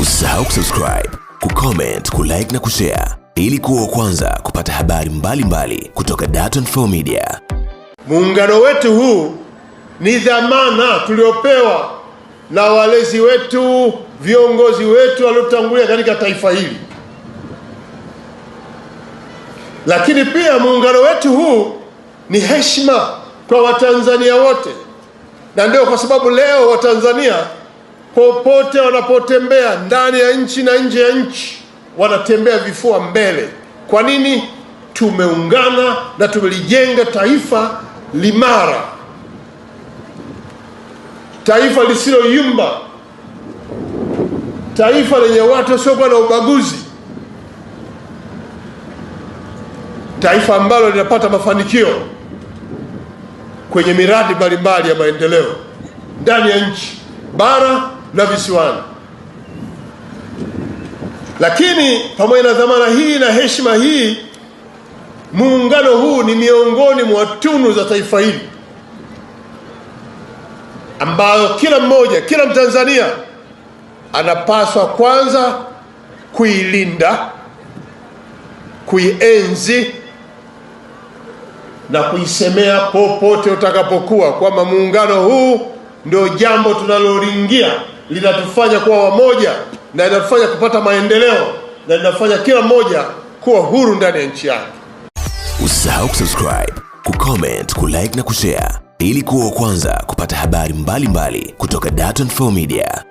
Usisahau kusubscribe, kucomment, kulike na kushare ili kuwa kwanza kupata habari mbalimbali mbali kutoka Dar24 Media. Muungano wetu huu ni dhamana tuliopewa na walezi wetu, viongozi wetu waliotangulia katika taifa hili, lakini pia muungano wetu huu ni heshima kwa Watanzania wote, na ndio kwa sababu leo Watanzania popote wanapotembea ndani ya nchi na nje ya nchi wanatembea vifua mbele. Kwa nini? Tumeungana na tumelijenga taifa limara, taifa lisiloyumba, taifa lenye watu wasiokuwa na ubaguzi, taifa ambalo linapata mafanikio kwenye miradi mbalimbali ya maendeleo ndani ya nchi bara na visiwani. Lakini pamoja na dhamana hii na heshima hii, muungano huu ni miongoni mwa tunu za taifa hili ambayo kila mmoja, kila Mtanzania anapaswa kwanza kuilinda, kuienzi na kuisemea popote utakapokuwa, kwamba muungano huu ndio jambo tunaloringia linatufanya kuwa wamoja na linatufanya kupata maendeleo na linafanya kila mmoja kuwa huru ndani ya nchi yake. Usisahau kusubscribe, kucomment, kulike na kushare ili kuwa wa kwanza kupata habari mbalimbali mbali kutoka Dar24 Media.